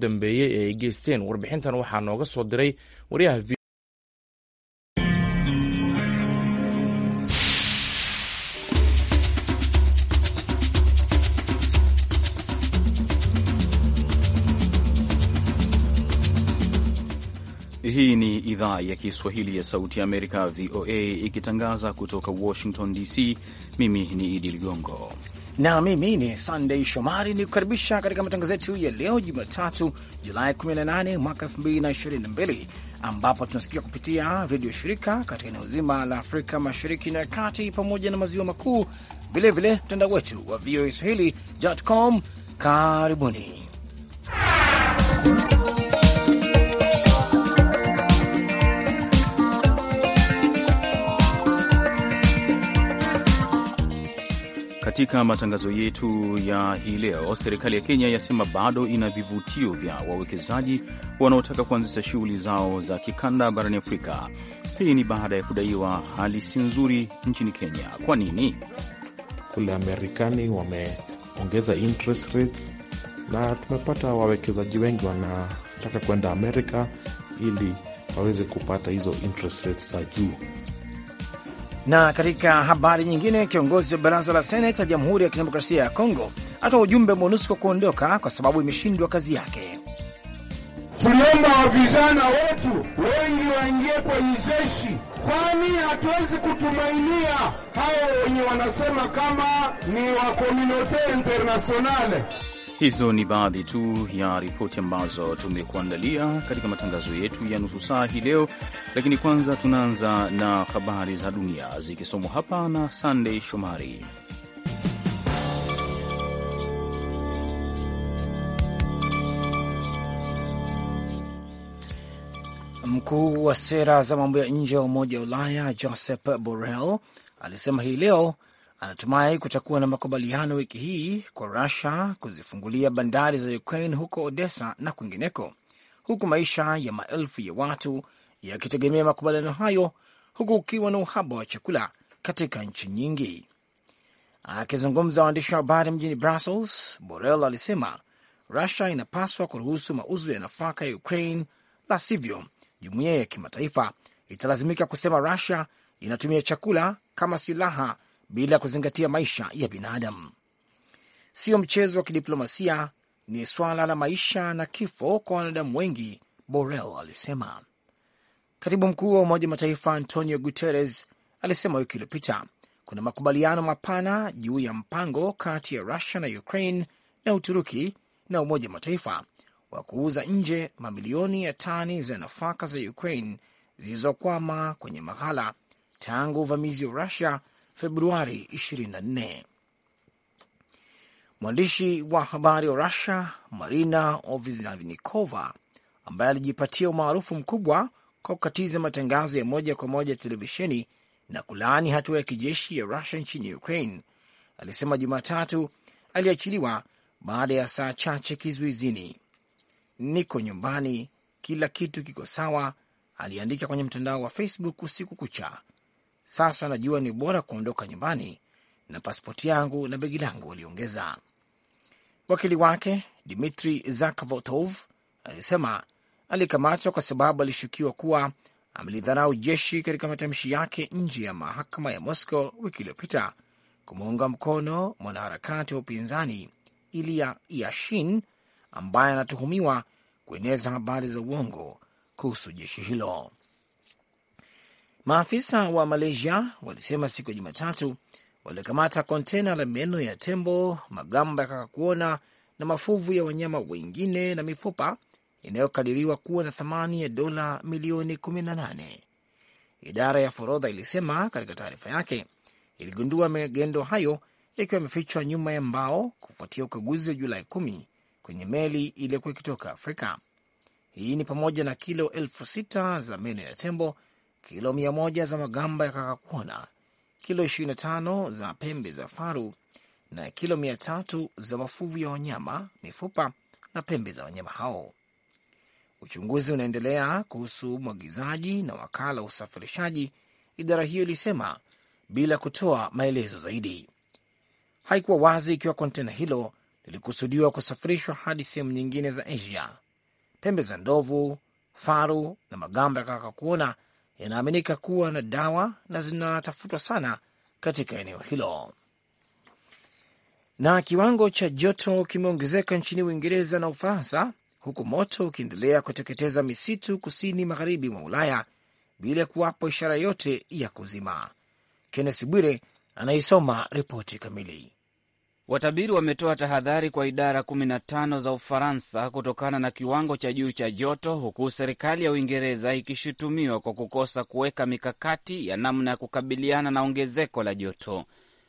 dambeeyey ee ay geysteen warbixintan waxaa nooga soo diray wariyaha Hii ni idhaa ya Kiswahili ya Sauti ya Amerika, VOA, ikitangaza kutoka Washington DC. Mimi ni Idi Ligongo na mimi ni Sunday Shomari ni kukaribisha katika matangazo yetu ya leo Jumatatu, Julai 18 mwaka 2022, ambapo tunasikia kupitia redio shirika katika eneo zima la Afrika Mashariki na Kati pamoja na Maziwa Makuu, vilevile mtandao wetu wa VOA Swahili.com. Karibuni. Katika matangazo yetu ya hii leo, serikali ya Kenya yasema bado ina vivutio vya wawekezaji wanaotaka kuanzisha shughuli zao za kikanda barani Afrika. Hii ni baada ya kudaiwa hali si nzuri nchini Kenya. Kwa nini? Kule Amerikani wameongeza interest rates na tumepata wawekezaji wengi wanataka kwenda Amerika ili waweze kupata hizo interest rates za juu. Na katika habari nyingine, kiongozi wa baraza la seneti ya Jamhuri ya Kidemokrasia ya Kongo atoa ujumbe MONUSCO kuondoka kwa sababu imeshindwa kazi yake. Tuliomba wavijana wetu wengi waingie kwenye jeshi, kwani hatuwezi kutumainia hao wenye wanasema kama ni wa komunote internasionale. Hizo ni baadhi tu ya ripoti ambazo tumekuandalia katika matangazo yetu ya nusu saa hii leo, lakini kwanza tunaanza na habari za dunia zikisomwa hapa na Sandey Shomari. Mkuu wa sera za mambo ya nje ya Umoja wa Ulaya Josep Borrell alisema hii leo anatumai kutakuwa na makubaliano wiki hii kwa Rusia kuzifungulia bandari za Ukraine huko Odessa na kwingineko, huku maisha ya maelfu ya watu yakitegemea makubaliano hayo, huku ukiwa na uhaba wa chakula katika nchi nyingi. Akizungumza waandishi wa habari mjini Brussels, Borrell alisema Rusia inapaswa kuruhusu mauzo ya nafaka ya Ukraine, la sivyo jumuiya ya kimataifa italazimika kusema Rusia inatumia chakula kama silaha bila kuzingatia maisha ya binadamu. Sio mchezo wa kidiplomasia, ni swala la maisha na kifo kwa wanadamu wengi, Borrell alisema. Katibu mkuu wa Umoja Mataifa Antonio Guterres alisema wiki iliyopita kuna makubaliano mapana juu ya mpango kati ya Rusia na Ukraine na Uturuki na Umoja Mataifa wa kuuza nje mamilioni ya tani za nafaka za Ukraine zilizokwama kwenye maghala tangu uvamizi wa Rusia Februari 24. Mwandishi wa habari wa Rusia Marina Ovsyannikova ambaye alijipatia umaarufu mkubwa kwa kukatiza matangazo ya moja kwa moja televisheni na kulaani hatua ya kijeshi ya Rusia nchini Ukraine alisema Jumatatu aliachiliwa baada ya saa chache kizuizini. Niko nyumbani, kila kitu kiko sawa, aliandika kwenye mtandao wa Facebook usiku kucha, sasa najua ni bora kuondoka nyumbani na pasipoti yangu na begi langu, waliongeza Wakili wake Dmitri zakvotov alisema alikamatwa kwa sababu alishukiwa kuwa amelidharau jeshi katika matamshi yake nje ya mahakama ya Moscow wiki iliyopita kumuunga mkono mwanaharakati wa upinzani Ilya Yashin ambaye anatuhumiwa kueneza habari za uongo kuhusu jeshi hilo. Maafisa wa Malaysia walisema siku ya Jumatatu walikamata kontena la meno ya tembo, magamba ya kakakuona na mafuvu ya wanyama wengine na mifupa inayokadiriwa kuwa na thamani ya dola milioni 18. Idara ya forodha ilisema katika taarifa yake iligundua magendo hayo yakiwa yamefichwa nyuma ya mbao kufuatia ukaguzi wa Julai kumi kwenye meli iliyokuwa ikitoka Afrika. Hii ni pamoja na kilo elfu sita za meno ya tembo kilo mia moja za magamba ya kakakwana, kilo 25 za pembe za faru na kilo mia tatu za mafuvu ya wanyama, mifupa na pembe za wanyama hao. Uchunguzi unaendelea kuhusu mwagizaji na wakala wa usafirishaji, idara hiyo ilisema bila kutoa maelezo zaidi. Haikuwa wazi ikiwa kontena hilo lilikusudiwa kusafirishwa hadi sehemu nyingine za Asia. Pembe za ndovu, faru na magamba ya kaka kuona yanaaminika kuwa na dawa na zinatafutwa sana katika eneo hilo. Na kiwango cha joto kimeongezeka nchini Uingereza na Ufaransa, huku moto ukiendelea kuteketeza misitu kusini magharibi mwa Ulaya bila kuwapo ishara yote ya kuzima. Kennes Bwire anaisoma ripoti kamili. Watabiri wametoa tahadhari kwa idara 15 za Ufaransa kutokana na kiwango cha juu cha joto, huku serikali ya Uingereza ikishutumiwa kwa kukosa kuweka mikakati ya namna ya kukabiliana na ongezeko la joto.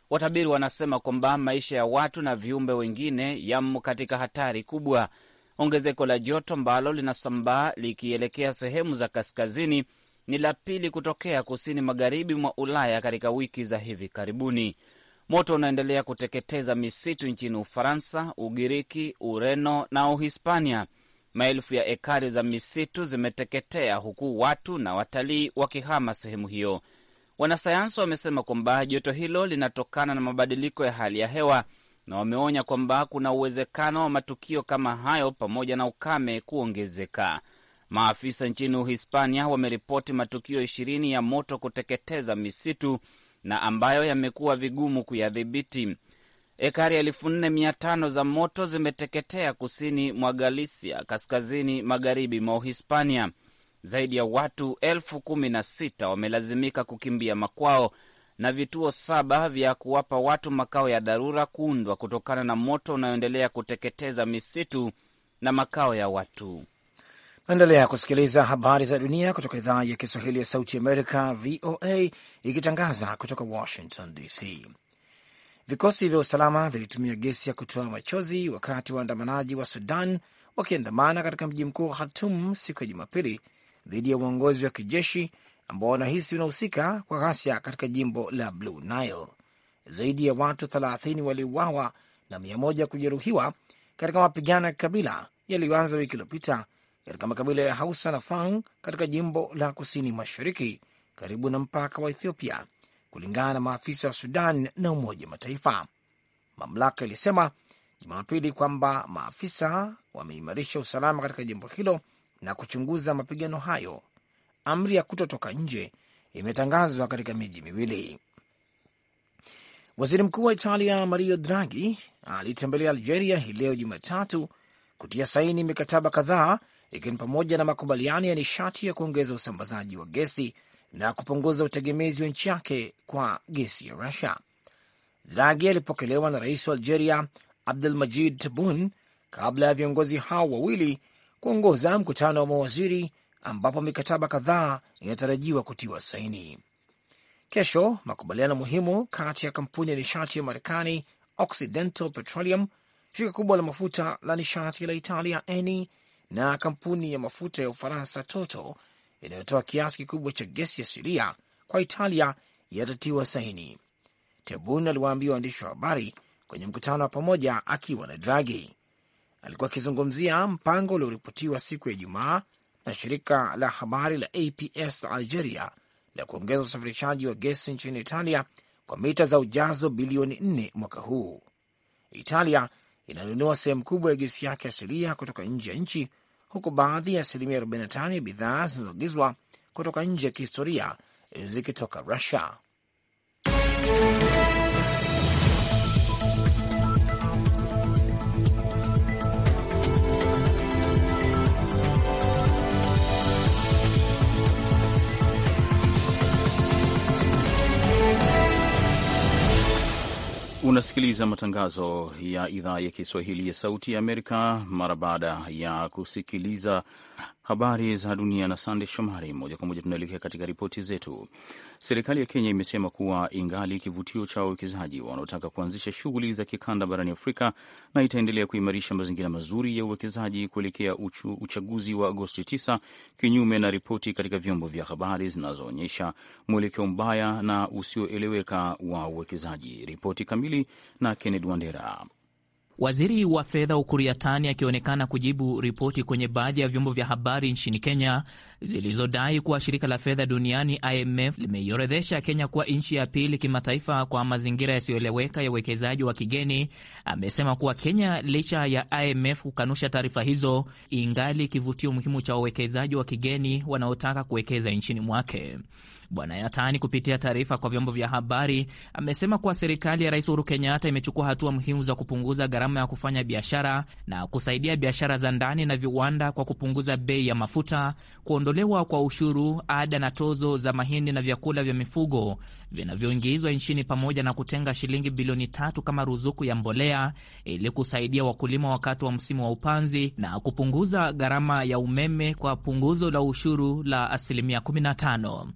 Watabiri wanasema kwamba maisha ya watu na viumbe wengine yamo katika hatari kubwa. Ongezeko la joto ambalo linasambaa likielekea sehemu za kaskazini ni la pili kutokea kusini magharibi mwa Ulaya katika wiki za hivi karibuni. Moto unaendelea kuteketeza misitu nchini Ufaransa, Ugiriki, Ureno na Uhispania. Maelfu ya ekari za misitu zimeteketea huku watu na watalii wakihama sehemu hiyo. Wanasayansi wamesema kwamba joto hilo linatokana na mabadiliko ya hali ya hewa na wameonya kwamba kuna uwezekano wa matukio kama hayo pamoja na ukame kuongezeka. Maafisa nchini Uhispania wameripoti matukio ishirini ya moto kuteketeza misitu na ambayo yamekuwa vigumu kuyadhibiti. Ekari elfu nne mia tano za moto zimeteketea kusini mwa Galisia, kaskazini magharibi mwa Uhispania. Zaidi ya watu elfu kumi na sita wamelazimika kukimbia makwao na vituo saba vya kuwapa watu makao ya dharura kuundwa kutokana na moto unayoendelea kuteketeza misitu na makao ya watu. Endelea kusikiliza habari za dunia kutoka idhaa ya Kiswahili ya Sauti Amerika, VOA, ikitangaza kutoka Washington DC. Vikosi vya usalama vilitumia gesi ya kutoa machozi wakati waandamanaji wa Sudan wakiandamana katika mji mkuu wa hatum siku ya Jumapili dhidi ya uongozi wa kijeshi ambao wanahisi unahusika kwa ghasia katika jimbo la Blue Nile. Zaidi ya watu 30 waliuawa na 100 kujeruhiwa katika mapigano ya kikabila yaliyoanza wiki iliyopita katika makabila ya Hausa na Fang katika jimbo la kusini mashariki karibu na mpaka wa Ethiopia, kulingana na maafisa wa Sudan na Umoja wa Mataifa. Mamlaka ilisema Jumapili kwamba maafisa wameimarisha usalama katika jimbo hilo na kuchunguza mapigano hayo. Amri ya kutotoka nje imetangazwa katika miji miwili. Waziri mkuu wa Italia Mario Draghi alitembelea Algeria hii leo Jumatatu kutia saini mikataba kadhaa ikiwa ni pamoja na makubaliano ya nishati ya kuongeza usambazaji wa gesi na kupunguza utegemezi wa nchi yake kwa gesi ya Rusia. Dragi alipokelewa na rais wa Algeria Majid Tabun kabla ya viongozi hao wawili kuongoza mkutano wa mawaziri ambapo mikataba kadhaa inatarajiwa kutiwa saini kesho. Makubaliano muhimu kati ya kampuni ya nishati ya Marekani Occidental Petroleum, shirika kubwa la mafuta la nishati la Italia Eni na kampuni ya mafuta ya Ufaransa toto inayotoa kiasi kikubwa cha gesi asilia kwa Italia yatatiwa saini. Tebun aliwaambia waandishi wa habari kwenye mkutano wa pamoja akiwa na Draghi. Alikuwa akizungumzia mpango ulioripotiwa siku ya Ijumaa na shirika la habari la APS Algeria la kuongeza usafirishaji wa gesi nchini Italia kwa mita za ujazo bilioni nne mwaka huu. Italia inanunua sehemu kubwa ya gesi yake asilia kutoka nje ya nchi huku baadhi ya asilimia 45 ya bidhaa zinazoagizwa kutoka nje ya kihistoria zikitoka Rusia. Unasikiliza matangazo ya idhaa ya Kiswahili ya Sauti ya Amerika mara baada ya kusikiliza Habari za dunia na Sande Shomari. Moja kwa moja tunaelekea katika ripoti zetu. Serikali ya Kenya imesema kuwa ingali kivutio cha wawekezaji wanaotaka kuanzisha shughuli za kikanda barani Afrika na itaendelea kuimarisha mazingira mazuri ya uwekezaji kuelekea uchaguzi wa Agosti 9 kinyume na ripoti katika vyombo vya habari zinazoonyesha mwelekeo mbaya na usioeleweka wa uwekezaji. Ripoti kamili na kenned Wandera. Waziri wa fedha Ukur Yatani akionekana kujibu ripoti kwenye baadhi ya vyombo vya habari nchini Kenya zilizodai kuwa shirika la fedha duniani IMF limeiorodhesha Kenya kuwa nchi ya pili kimataifa kwa mazingira yasiyoeleweka ya uwekezaji wa kigeni, amesema kuwa Kenya, licha ya IMF kukanusha taarifa hizo, ingali kivutio muhimu cha wawekezaji wa kigeni wanaotaka kuwekeza nchini mwake. Bwana Yatani, kupitia taarifa kwa vyombo vya habari, amesema kuwa serikali ya Rais Uhuru Kenyatta imechukua hatua muhimu za kupunguza gharama ya kufanya biashara na kusaidia biashara za ndani na viwanda kwa kupunguza bei ya mafuta, kuondolewa kwa ushuru, ada na tozo za mahindi na vyakula vya mifugo vinavyoingizwa nchini, pamoja na kutenga shilingi bilioni tatu kama ruzuku ya mbolea ili kusaidia wakulima wakati wa msimu wa upanzi na kupunguza gharama ya umeme kwa punguzo la ushuru la asilimia 15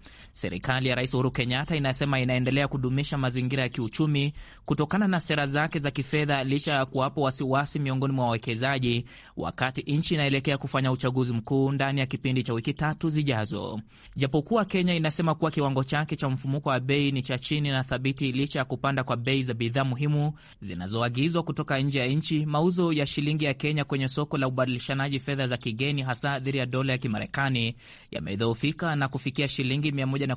serikali ya Rais Uhuru Kenyatta inasema inaendelea kudumisha mazingira ya kiuchumi kutokana na sera zake za kifedha licha ya kuwapo wasiwasi miongoni mwa wawekezaji, wakati nchi inaelekea kufanya uchaguzi mkuu ndani ya kipindi cha wiki tatu zijazo. Japokuwa Kenya inasema kuwa kiwango chake cha mfumuko wa bei ni cha chini na thabiti licha ya kupanda kwa bei za bidhaa muhimu zinazoagizwa kutoka nje ya nchi, mauzo ya shilingi ya Kenya kwenye soko la ubadilishanaji fedha za kigeni, hasa dhidi ya dola ya Kimarekani, yamedhoofika na kufikia shilingi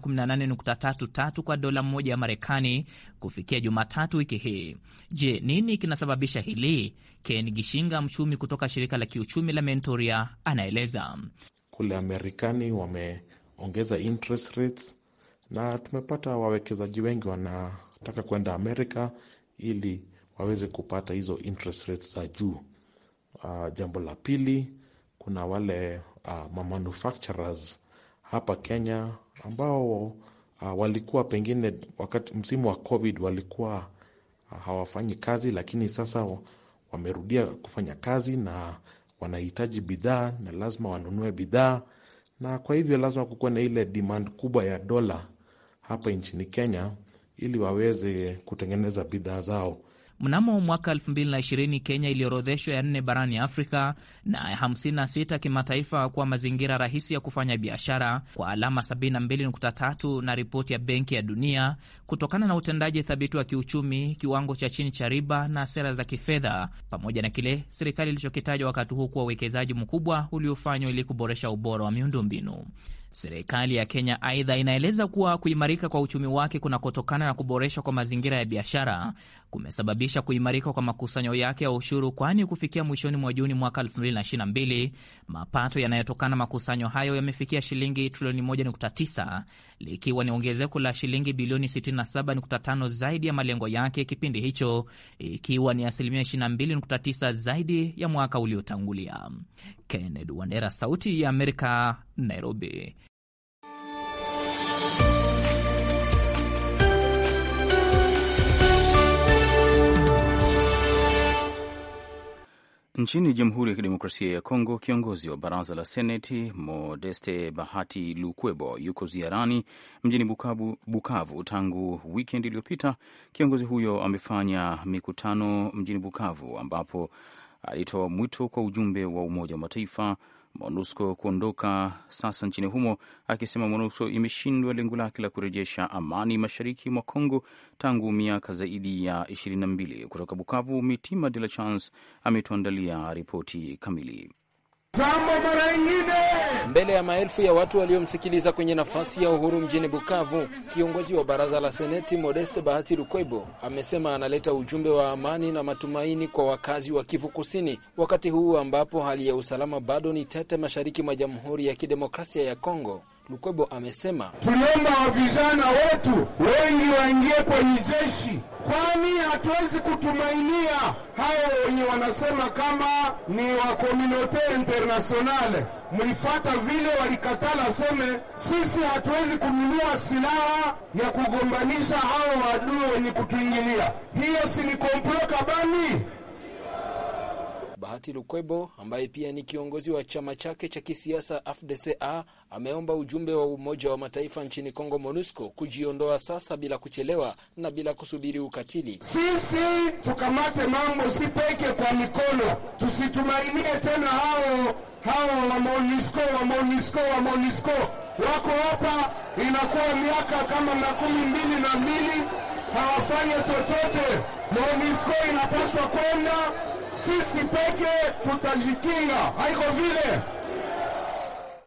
na 18.33 kwa dola moja ya Marekani kufikia Jumatatu wiki hii. Je, nini kinasababisha hili? Ken Gishinga, mchumi kutoka shirika la kiuchumi la Mentoria, anaeleza. Kule Amerikani wameongeza interest rates na tumepata wawekezaji wengi wanataka kwenda Amerika ili waweze kupata hizo interest rates za juu. Uh, jambo la pili kuna wale uh, ah, mamanufacturers hapa Kenya ambao uh, walikuwa pengine wakati msimu wa COVID walikuwa uh, hawafanyi kazi, lakini sasa wamerudia kufanya kazi na wanahitaji bidhaa na lazima wanunue bidhaa, na kwa hivyo lazima kukuwa na ile demand kubwa ya dola hapa nchini Kenya ili waweze kutengeneza bidhaa zao. Mnamo mwaka 2020 Kenya iliorodheshwa ya nne barani Afrika na 56 kimataifa kwa mazingira rahisi ya kufanya biashara kwa alama 72.3 na ripoti ya Benki ya Dunia, kutokana na utendaji thabiti wa kiuchumi, kiwango cha chini cha riba na sera za kifedha, pamoja na kile serikali ilichokitaja wakati huu kuwa uwekezaji mkubwa uliofanywa ili kuboresha ubora wa miundombinu. Serikali ya Kenya aidha inaeleza kuwa kuimarika kwa uchumi wake kunakotokana na kuboreshwa kwa mazingira ya biashara kumesababisha kuimarika kwa makusanyo yake ya ushuru, kwani kufikia mwishoni mwa Juni mwaka 2022 mapato yanayotokana makusanyo hayo yamefikia shilingi trilioni 1.9 likiwa ni ongezeko la shilingi bilioni 67.5 zaidi ya malengo yake kipindi hicho, ikiwa ni asilimia 22.9 zaidi ya mwaka uliotangulia. Kennedy Wandera, Sauti ya Amerika, Nairobi. Nchini Jamhuri ya Kidemokrasia ya Kongo, kiongozi wa baraza la Seneti Modeste Bahati Lukwebo yuko ziarani mjini Bukavu, Bukavu tangu wikend iliyopita. Kiongozi huyo amefanya mikutano mjini Bukavu ambapo alitoa mwito kwa ujumbe wa Umoja wa Mataifa MONUSCO kuondoka sasa nchini humo, akisema MONUSCO imeshindwa lengo lake la kurejesha amani mashariki mwa congo tangu miaka zaidi ya 22. Kutoka Bukavu, Mitima De La Chance ametuandalia ripoti kamili. Mbele ya maelfu ya watu waliomsikiliza kwenye nafasi ya uhuru mjini Bukavu, kiongozi wa baraza la seneti Modeste Bahati Lukwebo amesema analeta ujumbe wa amani na matumaini kwa wakazi wa Kivu Kusini, wakati huu ambapo hali ya usalama bado ni tete mashariki mwa Jamhuri ya Kidemokrasia ya Kongo. Lukwebo amesema tuliomba wavijana wetu wengi waingie kwenye jeshi, kwani hatuwezi kutumainia hao wenye wanasema kama ni wa komunote internationale. Mlifata vile walikatala, seme sisi hatuwezi kununua silaha ya kugombanisha hao waadui wenye kutuingilia. Hiyo si ni komplo kabani? Bahati Lukwebo ambaye pia ni kiongozi wa chama chake cha kisiasa AFDCA ameomba ujumbe wa Umoja wa Mataifa nchini Kongo MONUSCO kujiondoa sasa bila kuchelewa na bila kusubiri ukatili. Sisi tukamate mambo si peke kwa mikono, tusitumainie tena hao hao wa MONUSCO wa MONUSCO wa MONUSCO wako hapa, inakuwa miaka kama na kumi mbili na mbili hawafanye chochote. MONUSCO inapaswa kwenda sisi peke tutajikinga, haiko vile.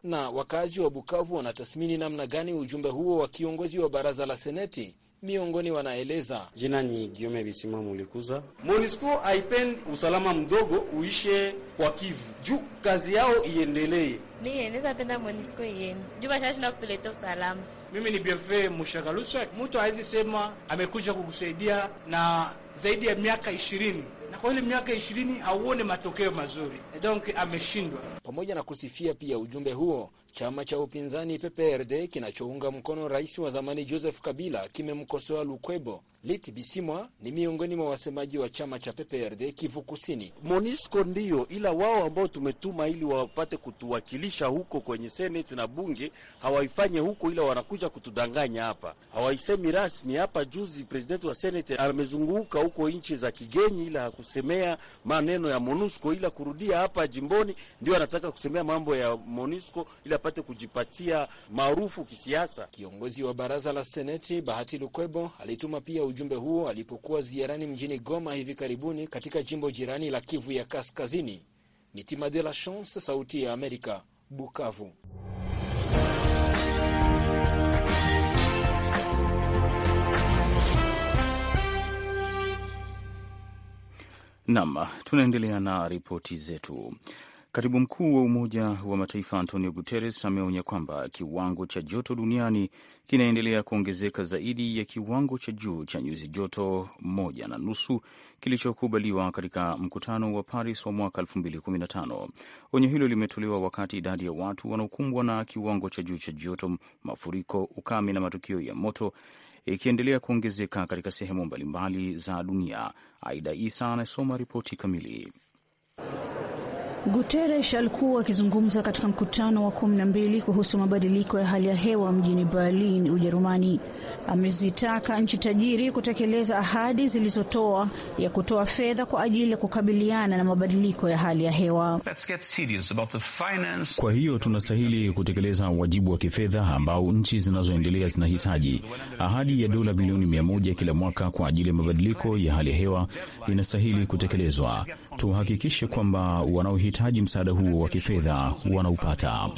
Na wakazi wa Bukavu wanatathmini namna gani ujumbe huo wa kiongozi wa baraza la seneti miongoni wanaeleza jina ni Giome Bisima Mulikuza. Monisco haipendi usalama mdogo uishe kwa Kivu juu kazi yao iendelee. Niye naweza penda Monisco iende juu usalama. Mimi ni Bienfait Mushakaluswa, mtu hawezi sema amekuja kukusaidia na zaidi ya miaka ishirini kwa ile miaka ishirini hauone matokeo mazuri, donc ameshindwa. Pamoja na kusifia pia ujumbe huo, chama cha upinzani PPRD kinachounga mkono rais wa zamani Joseph Kabila kimemkosoa Lukwebo Liti Bisimwa ni miongoni mwa wasemaji wa chama cha PPRD Kivu Kusini. Monisco ndiyo, ila wao ambao tumetuma ili wapate kutuwakilisha huko kwenye seneti na bunge hawaifanye huko, ila wanakuja kutudanganya hapa, hawaisemi rasmi hapa. Juzi presidenti wa seneti amezunguka huko nchi za kigenyi, ila hakusemea maneno ya Monusco, ila kurudia hapa jimboni ndio anataka kusemea mambo ya Monusco ili apate kujipatia maarufu kisiasa. Kiongozi wa baraza la seneti Bahati Lukwebo alituma pia ujumbe huo alipokuwa ziarani mjini Goma hivi karibuni katika jimbo jirani la Kivu ya Kaskazini. ni de la Chance, Sauti ya Amerika, Bukavu. Nam, tunaendelea na ripoti zetu. Katibu mkuu wa Umoja wa Mataifa Antonio Guterres ameonya kwamba kiwango cha joto duniani kinaendelea kuongezeka zaidi ya kiwango cha juu cha nyuzi joto moja na nusu kilichokubaliwa katika mkutano wa Paris wa mwaka 2015. Onyo hilo limetolewa wakati idadi ya watu wanaokumbwa na kiwango cha juu cha joto, mafuriko, ukame na matukio ya moto ikiendelea kuongezeka katika sehemu mbalimbali za dunia. Aida Isa anasoma ripoti kamili. Guterres alikuwa akizungumza katika mkutano wa kumi na mbili kuhusu mabadiliko ya hali ya hewa mjini Berlin, Ujerumani. Amezitaka nchi tajiri kutekeleza ahadi zilizotoa ya kutoa fedha kwa ajili ya kukabiliana na mabadiliko ya hali ya hewa. Kwa hiyo tunastahili kutekeleza wajibu wa kifedha ambao nchi zinazoendelea zinahitaji. Ahadi ya dola bilioni mia moja kila mwaka kwa ajili ya mabadiliko ya hali ya hewa inastahili kutekelezwa tuhakikishe kwamba wanaohitaji msaada huo wa kifedha wanaupata.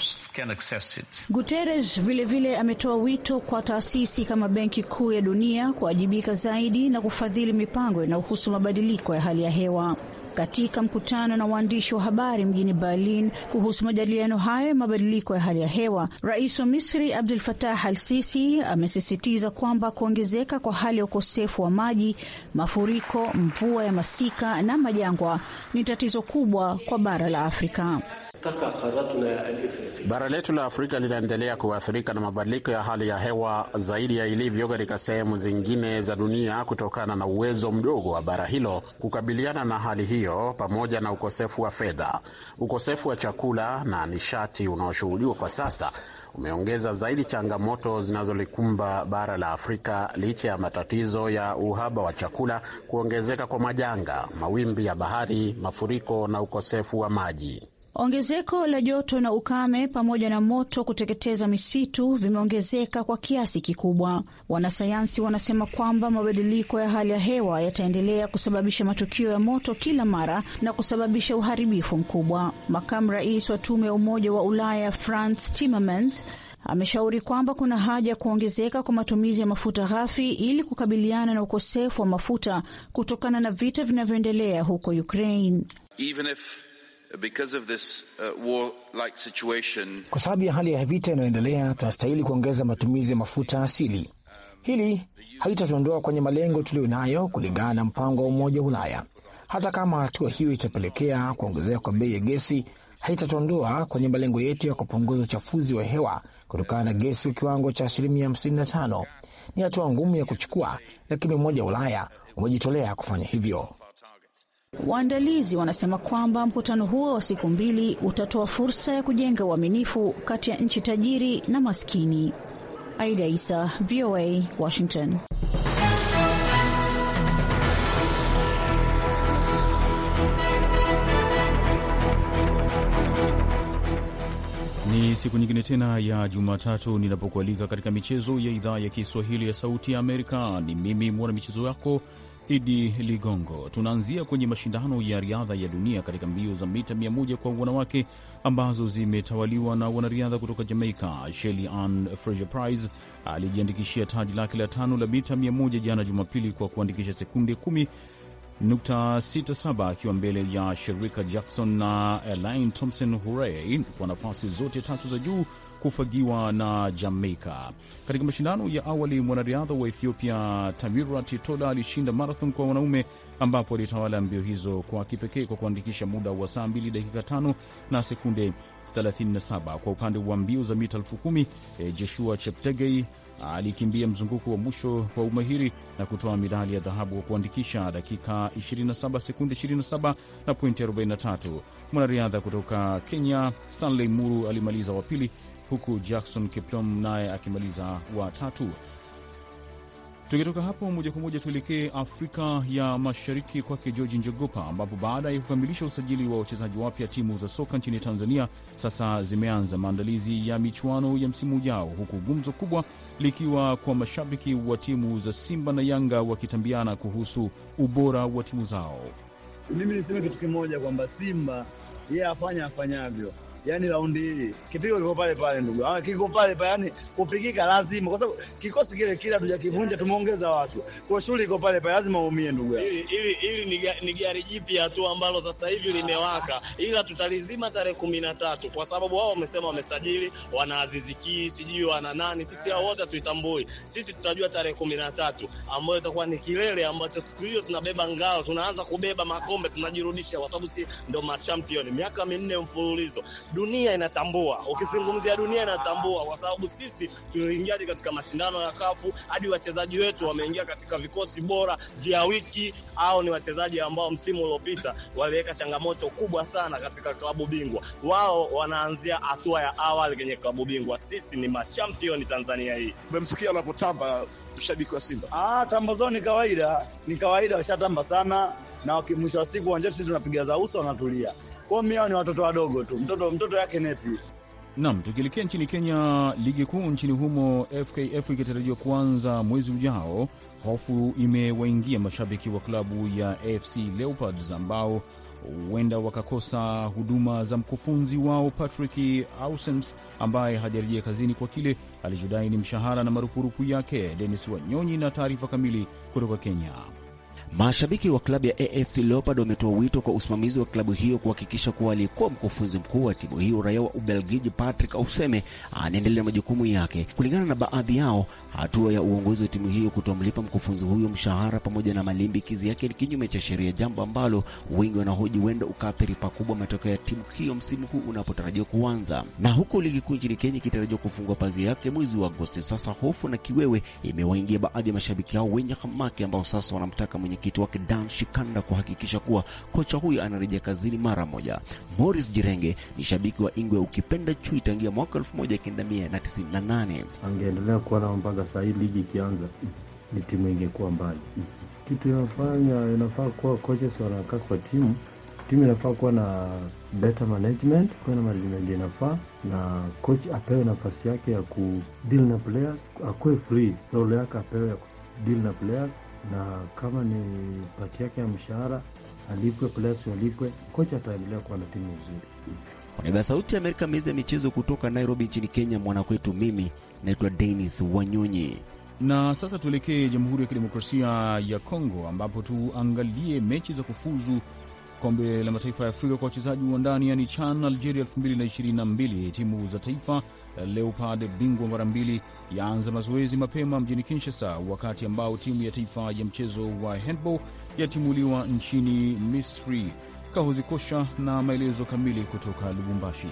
Guterres vilevile ametoa wito kwa taasisi kama Benki Kuu ya Dunia kuwajibika zaidi na kufadhili mipango inayohusu mabadiliko ya hali ya hewa katika mkutano na waandishi wa habari mjini Berlin kuhusu majadiliano hayo ya mabadiliko ya hali ya hewa, rais wa Misri Abdul Fattah al Sisi amesisitiza kwamba kuongezeka kwa hali ya ukosefu wa maji, mafuriko, mvua ya masika na majangwa ni tatizo kubwa kwa bara la Afrika. Bara letu la Afrika linaendelea kuathirika na mabadiliko ya hali ya hewa zaidi ya ilivyo katika sehemu zingine za dunia kutokana na uwezo mdogo wa bara hilo kukabiliana na hali hiyo, pamoja na ukosefu wa fedha, ukosefu wa chakula na nishati unaoshuhudiwa kwa sasa umeongeza zaidi changamoto zinazolikumba bara la Afrika licha ya matatizo ya uhaba wa chakula, kuongezeka kwa majanga, mawimbi ya bahari, mafuriko na ukosefu wa maji. Ongezeko la joto na ukame pamoja na moto kuteketeza misitu vimeongezeka kwa kiasi kikubwa. Wanasayansi wanasema kwamba mabadiliko ya hali ya hewa yataendelea kusababisha matukio ya moto kila mara na kusababisha uharibifu mkubwa. Makamu rais wa tume ya Umoja wa Ulaya Frans Timmermans ameshauri kwamba kuna haja ya kuongezeka kwa matumizi ya mafuta ghafi ili kukabiliana na ukosefu wa mafuta kutokana na vita vinavyoendelea huko Ukraine. Uh, kwa sababu ya hali ya vita inayoendelea, tunastahili kuongeza matumizi ya mafuta asili. Hili haitatuondoa kwenye malengo tuliyo nayo kulingana na mpango wa Umoja wa Ulaya. Hata kama hatua hiyo itapelekea kuongezeka kwa bei ya gesi, haitatuondoa kwenye malengo yetu ya kupunguza uchafuzi wa hewa kutokana na gesi kwa kiwango cha asilimia 55. Ni hatua ngumu ya kuchukua, lakini Umoja wa Ulaya umejitolea kufanya hivyo. Waandalizi wanasema kwamba mkutano huo wa siku mbili utatoa fursa ya kujenga uaminifu kati ya nchi tajiri na maskini. Aida Isa, VOA, Washington. Ni siku nyingine tena ya Jumatatu ninapokualika katika michezo ya idhaa ya Kiswahili ya Sauti ya Amerika. Ni mimi mwana michezo wako Idi Ligongo. Tunaanzia kwenye mashindano ya riadha ya dunia katika mbio za mita 100 kwa wanawake ambazo zimetawaliwa na wanariadha kutoka Jamaika. Shelly Ann Fraser prize alijiandikishia taji lake la tano la mita 100 jana Jumapili kwa kuandikisha sekunde 10.67 akiwa mbele ya Sherika Jackson na Elaine Thompson Hurey kwa nafasi zote tatu za juu kufagiwa na Jamaica. Katika mashindano ya awali, mwanariadha wa Ethiopia Tamira Titola alishinda marathon kwa wanaume, ambapo alitawala mbio hizo kwa kipekee kwa kuandikisha muda wa saa 2 dakika 5 na sekunde 37. Kwa upande wa mbio za mita elfu kumi, eh, Joshua Cheptegei alikimbia mzunguko wa mwisho kwa umahiri na kutoa midali ya dhahabu kwa kuandikisha dakika 27 sekunde 27 na pointi 43. Mwanariadha kutoka Kenya Stanley Muru alimaliza wa pili huku Jackson Kiplom naye akimaliza wa tatu. Tukitoka hapo moja kwa moja tuelekee Afrika ya Mashariki kwake George Njogopa, ambapo baada ya kukamilisha usajili wa wachezaji wapya timu za soka nchini Tanzania sasa zimeanza maandalizi ya michuano ya msimu ujao, huku gumzo kubwa likiwa kwa mashabiki wa timu za Simba na Yanga wakitambiana kuhusu ubora wa timu zao. Mimi niseme kitu kimoja kwamba Simba yeye afanya afanyavyo yani raundi hii kipigo kiko pale pale, ndugu, ah, kiko pale pale, yani kupigika lazima, kwa sababu kikosi kile kile hatujakivunja, tumeongeza watu, kwa shughuli iko pale pale, lazima uumie ndugu. Ili ili ili ni gari jipya tu ambalo sasa hivi ah. limewaka, ila tutalizima tarehe kumi na tatu kwa sababu wao wamesema wamesajili wana aziziki sijui wana nani, sisi hao wote tuitambui, sisi tutajua tarehe kumi na tatu ambayo itakuwa ni kilele ambacho siku hiyo tunabeba ngao, tunaanza kubeba makombe, tunajirudisha kwa sababu si ndo machampioni miaka minne mfululizo dunia inatambua. Ukizungumzia dunia inatambua, kwa sababu sisi tuliingia katika mashindano ya Kafu, hadi wachezaji wetu wameingia katika vikosi bora vya wiki, au ni wachezaji ambao msimu uliopita waliweka changamoto kubwa sana katika klabu bingwa. Wao wanaanzia hatua ya awali kwenye klabu bingwa, sisi ni machampioni Tanzania hii. Umemsikia anavyotamba mshabiki wa Simba? Ah, tamba zao ni kawaida, ni kawaida, washatamba sana na mwisho wa siku uwanjani sisi tunapiga za uso, wanatulia kwa hiyo ni watoto wadogo tu, mtoto mtoto yake nepi. Naam, tukielekea nchini Kenya, ligi kuu nchini humo FKF ikitarajiwa kuanza mwezi ujao, hofu imewaingia mashabiki wa klabu ya AFC Leopards ambao huenda wakakosa huduma za mkufunzi wao Patrick Ausems ambaye hajarejea kazini kwa kile alichodai ni mshahara na marupurupu yake. Denis Wanyonyi na taarifa kamili kutoka Kenya. Mashabiki wa klabu ya AFC Leopards wametoa wito kwa usimamizi wa klabu hiyo kuhakikisha kuwa aliyekuwa mkufunzi mkuu wa timu hiyo raia wa Ubelgiji Patrick Auseme anaendelea na majukumu yake. Kulingana na baadhi yao, hatua ya uongozi wa timu hiyo kutomlipa mkufunzi huyo mshahara pamoja na malimbikizi yake ni kinyume cha sheria, jambo ambalo wengi wanahoji huenda ukaathiri pakubwa matokeo ya timu hiyo msimu huu unapotarajiwa kuanza. Na huku ligi kuu nchini Kenya ikitarajiwa kufungua pazia yake mwezi wa Agosti, sasa hofu na kiwewe imewaingia baadhi ya mashabiki hao wenye hamaki ambao sasa wanamtaka mwenye mwenyekiti wake Dan Shikanda kuhakikisha kuwa kocha huyu anarejea kazini mara moja. Morris Jirenge ni shabiki wa Ingwe ukipenda chui tangia mwaka 1998 angeendelea kuwa mpaka saa hii ligi ikianza ni timu ingekuwa mbali. Kitu inafanya inafaa kuwa kocha wanakaa kwa timu, timu inafaa kuwa na better management, kuwa na management inafaa na coach apewe nafasi yake ya ku deal na players, akuwe free, role yake apewe ya ku deal na players na kama ni pati yake ya mshahara alipwe, plasi alipwe, kocha ataendelea kuwa na timu nzuri. Kwa niaba ya Sauti ya Amerika, meza ya michezo kutoka Nairobi nchini Kenya, mwanakwetu, mimi naitwa Denis Wanyonyi. Na sasa tuelekee Jamhuri ya Kidemokrasia ya Kongo, ambapo tuangalie mechi za kufuzu Kombe la Mataifa ya Afrika kwa wachezaji wa ndani, yani CHAN Algeria 2022. Timu za taifa Leopard, bingwa mara mbili, yaanza mazoezi mapema mjini Kinshasa, wakati ambao timu ya taifa ya mchezo wa handball yatimuliwa nchini Misri. Kahozi Kosha na maelezo kamili kutoka Lubumbashi.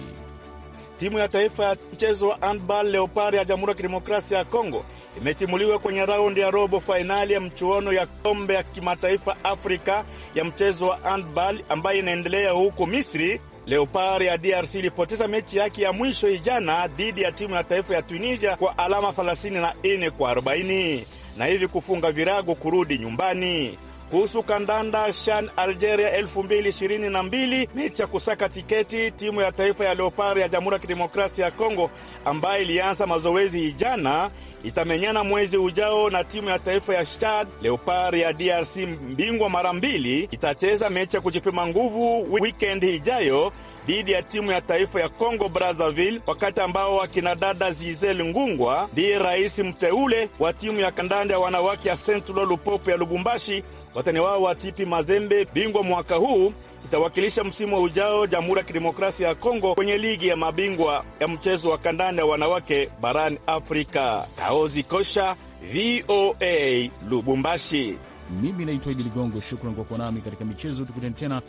Timu ya taifa ya mchezo wa handball Leopard ya Jamhuri ya Kidemokrasia ya Kongo imetimuliwa kwenye raundi ya robo fainali ya mchuano ya kombe ya kimataifa Afrika ya mchezo wa handball ambayo inaendelea huko Misri Leopard ya DRC ilipoteza mechi yake ya mwisho ijana dhidi ya timu ya taifa ya Tunisia kwa alama 34 kwa 40 na hivi kufunga virago kurudi nyumbani. Kuhusu kandanda shan Algeria 2022 mechi ya kusaka tiketi, timu ya taifa ya Leopard ya Jamhuri ya Kidemokrasia ya Kongo ambayo ilianza mazoezi ijana itamenyana mwezi ujao na timu ya taifa ya Stad Leopard ya DRC, mbingwa mara mbili. Itacheza mechi ya kujipima nguvu wikendi ijayo dhidi ya timu ya taifa ya Congo Brazzaville, wakati ambao akina dada Zizel Ngungwa ndiye rais mteule wa timu ya kandanda ya wanawake ya Sentlo Lupopo ya Lubumbashi Watani wao wa TP Mazembe, bingwa mwaka huu, itawakilisha msimu ujao Jamhuri ya Kidemokrasia ya Kongo kwenye ligi ya mabingwa ya mchezo wa kandanda ya wanawake barani Afrika. Kaozi Kosha, VOA Lubumbashi. Mimi naitwa Idi Ligongo, shukran kwa kuwa nami katika michezo. Tukutane tena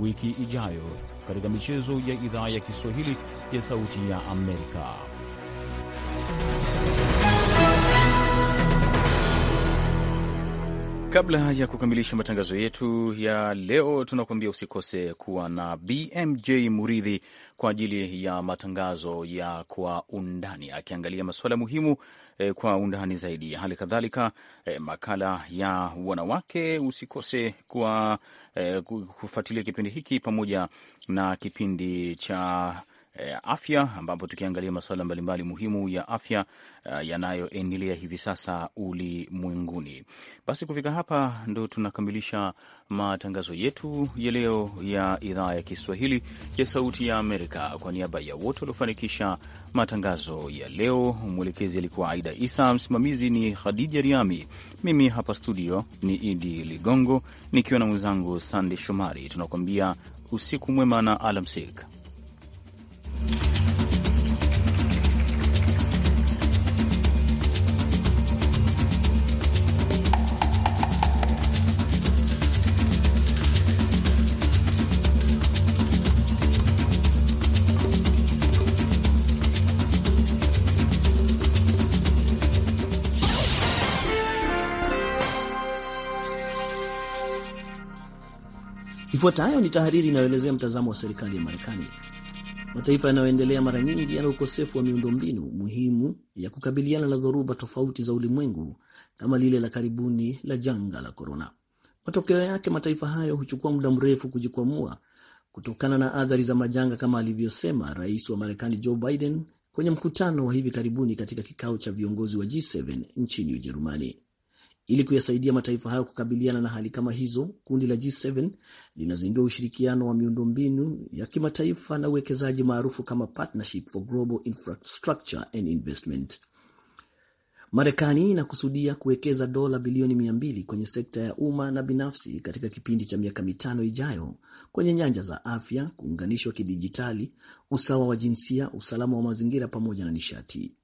wiki ijayo katika michezo ya idhaa ya Kiswahili ya Sauti ya Amerika. Kabla ya kukamilisha matangazo yetu ya leo, tunakuambia usikose kuwa na BMJ Muridhi kwa ajili ya matangazo ya kwa undani, akiangalia masuala muhimu eh, kwa undani zaidi. Hali kadhalika eh, makala ya wanawake, usikose kwa eh, kufuatilia kipindi hiki pamoja na kipindi cha eh, afya ambapo tukiangalia masuala mbalimbali muhimu ya afya eh, yanayoendelea hivi sasa ulimwenguni. Basi kufika hapa ndo tunakamilisha matangazo yetu ya leo ya idhaa ya Kiswahili ya Sauti ya Amerika. Kwa niaba ya wote waliofanikisha matangazo ya leo, mwelekezi alikuwa Aida Isa, msimamizi ni Khadija Riami, mimi hapa studio ni Idi Ligongo nikiwa na mwenzangu Sande Shomari, tunakuambia usiku mwema na alamsik. Ifuatayo ni tahariri inayoelezea mtazamo wa serikali ya Marekani. Mataifa yanayoendelea mara nyingi yana ukosefu wa miundombinu muhimu ya kukabiliana na dhoruba tofauti za ulimwengu kama lile la karibuni la janga la korona. Matokeo yake, mataifa hayo huchukua muda mrefu kujikwamua kutokana na athari za majanga, kama alivyosema rais wa Marekani Joe Biden kwenye mkutano wa hivi karibuni katika kikao cha viongozi wa G7 nchini Ujerumani. Ili kuyasaidia mataifa hayo kukabiliana na hali kama hizo, kundi la G7 linazindua ushirikiano wa miundombinu ya kimataifa na uwekezaji maarufu kama Partnership for Global Infrastructure and Investment. Marekani inakusudia kuwekeza dola bilioni 200 kwenye sekta ya umma na binafsi katika kipindi cha miaka mitano ijayo kwenye nyanja za afya, kuunganishwa kidijitali, usawa wa jinsia, usalama wa mazingira pamoja na nishati.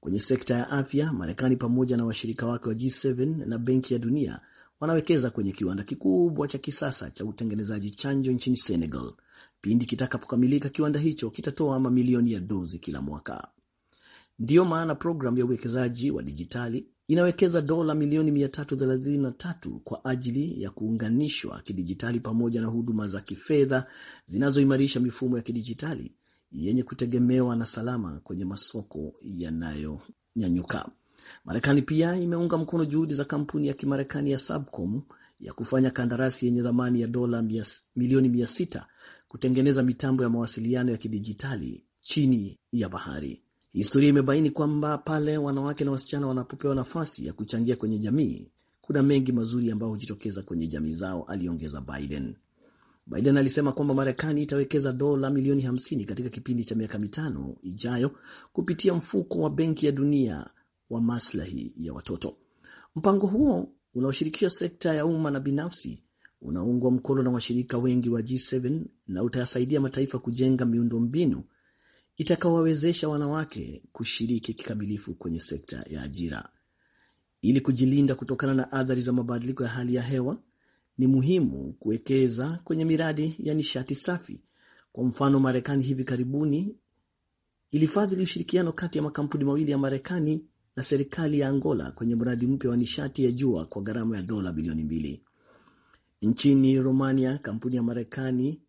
Kwenye sekta ya afya, Marekani pamoja na washirika wake wa G7 na Benki ya Dunia wanawekeza kwenye kiwanda kikubwa cha kisasa cha utengenezaji chanjo nchini Senegal. Pindi kitakapokamilika, kiwanda hicho kitatoa mamilioni ya dozi kila mwaka. Ndiyo maana programu ya uwekezaji wa dijitali inawekeza dola milioni 333 kwa ajili ya kuunganishwa kidijitali pamoja na huduma za kifedha zinazoimarisha mifumo ya kidijitali yenye kutegemewa na salama kwenye masoko yanayonyanyuka. Marekani pia imeunga mkono juhudi za kampuni ya Kimarekani ya Subcom ya kufanya kandarasi yenye thamani ya dola milioni mia sita kutengeneza mitambo ya mawasiliano ya kidijitali chini ya bahari. Historia imebaini kwamba pale wanawake na wasichana wanapopewa nafasi ya kuchangia kwenye jamii, kuna mengi mazuri ambayo hujitokeza kwenye jamii zao, aliongeza Biden. Biden alisema kwamba Marekani itawekeza dola milioni 50 katika kipindi cha miaka mitano ijayo kupitia mfuko wa Benki ya Dunia wa maslahi ya watoto. Mpango huo unaoshirikisha sekta ya umma na binafsi unaungwa mkono na washirika wengi wa G7 na utayasaidia mataifa kujenga miundo mbinu itakawawezesha wanawake kushiriki kikamilifu kwenye sekta ya ajira. Ili kujilinda kutokana na athari za mabadiliko ya hali ya hewa, ni muhimu kuwekeza kwenye miradi ya nishati safi. Kwa mfano, Marekani hivi karibuni ilifadhili ushirikiano kati ya makampuni mawili ya Marekani na serikali ya Angola kwenye mradi mpya wa nishati ya jua kwa gharama ya dola bilioni mbili. Nchini Romania, kampuni ya Marekani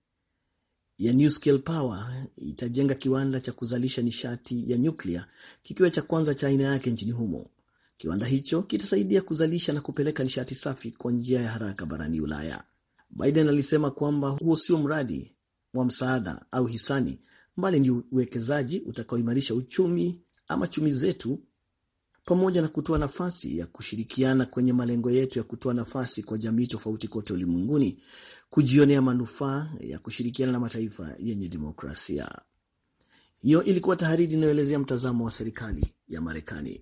ya NuScale Power itajenga kiwanda cha kuzalisha nishati ya nyuklia kikiwa cha kwanza cha aina yake nchini humo. Kiwanda hicho kitasaidia kuzalisha na kupeleka nishati safi kwa njia ya haraka barani Ulaya. Biden alisema kwamba huo sio mradi wa msaada au hisani, mbali ni uwekezaji utakaoimarisha uchumi ama chumi zetu pamoja na kutoa nafasi ya kushirikiana kwenye malengo yetu ya kutoa nafasi kwa jamii tofauti kote ulimwenguni kujionea manufaa ya kushirikiana na mataifa yenye demokrasia. Hiyo ilikuwa tahariri inayoelezea mtazamo wa serikali ya Marekani.